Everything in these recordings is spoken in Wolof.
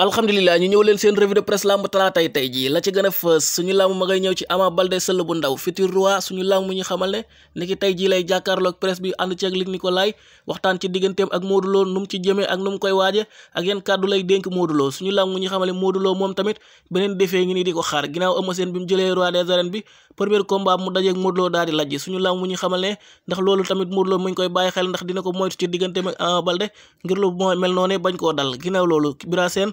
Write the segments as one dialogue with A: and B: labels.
A: alhamdulilah ñu ñëw seen revue de presse lamb talaatay tey jii la ci gën a fës suñu lamb ma ngay ñëw ci Ama Baldé sëll bu ndaw futur roi suñu lamb mu ñu xamal ne ni ki tey jii lay jàkkaarloog ndax loolu tamit Modou muñ koy bàyyi xel ndax dina ko moytu ci digganteem ak Ama Baldé ngir lu moo mel bañ koo dal ginnaaw loolu Bira Sène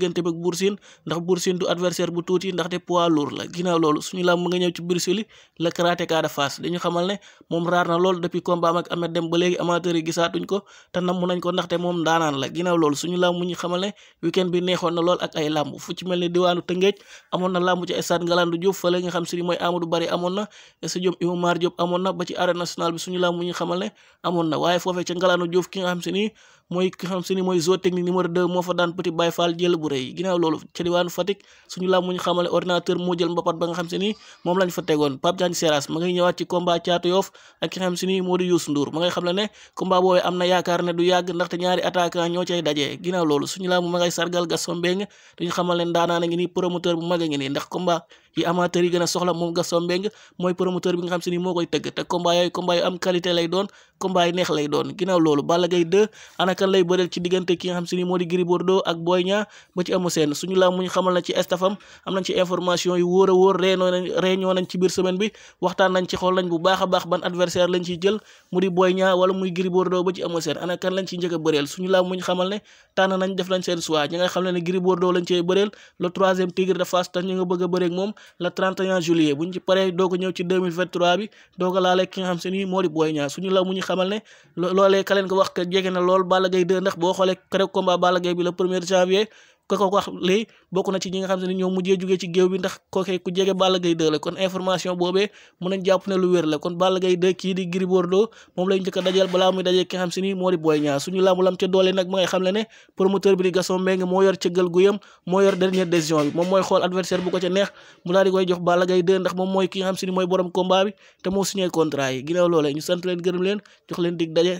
A: diggante ak Bour Sine ndax Bour Sine du adversaire bu tuuti ndaxte poids lourd la ginnaaw loolu suñu làmb nga xamal ne weekend bi neexoon na lool ak ay làmb fu ci mel ne diwaanu Tëngéej amoon na làmb ci stade Ngalandou Diouf fa la nga xam si ni mooy Amadou Barry amoon na stade Iba Mar Diop amoon na ba ci arène nationale bi suñu làmb ñu xamal ne amoon na waaye foofee ca Ngalandou Diouf ki nga xam si ni mooy ki xam si ni mooy zootechnique numéro 2 moo fa daan petit Baye Fall jël bu rëy ginnaaw loolu ca diwaanu Fatick ñu xamale moo jël mbapat ba nga xam si ni moom lañ fa tegoon Pape Diagne Seras ma ngay ñëwaat ci combat caatu xam si ne combat boobee am na yaakaar ne du yàgg ndaxte ñaari attaquant ñoo cay dajee ginnaaw loolu suñu làmb ma ngay sargal Gaston Mbengue duñu xamal leen daanaa na ngi ni promoteur bu mag a ngi nii ndax combat yi amateur yi gën a soxla moom Gaston Mbengue mooy promoteur bi nga xam si ni moo koy tëgg te combat yooyu combat yu am qualité neex lay doon ginnaaw loolu Balla Gaye 2 kan lay ci jël mu di Boy Niang wala muy Gris Bordeaux ba ci Eumeu Sène ana kan lañ ci paree doo di Boy Niang suñu làmb muñu xamal ne loolee ka leen ko wax ka jege na lool bala Gueye 2 ndax boo xoolee keroog combat Balla Gaye bi le premier janvier ko ko wax lii bokk na ci ñi nga xam ne ñoo mujjee jugee ci géew bi ndax kooke ku jege Balla Gaye 2 ndax moom mooy ki xam si ni mooy borom combat bi te moo signé contrat yi ginnaaw ñu sant leen gërëm leen jox leen dig daje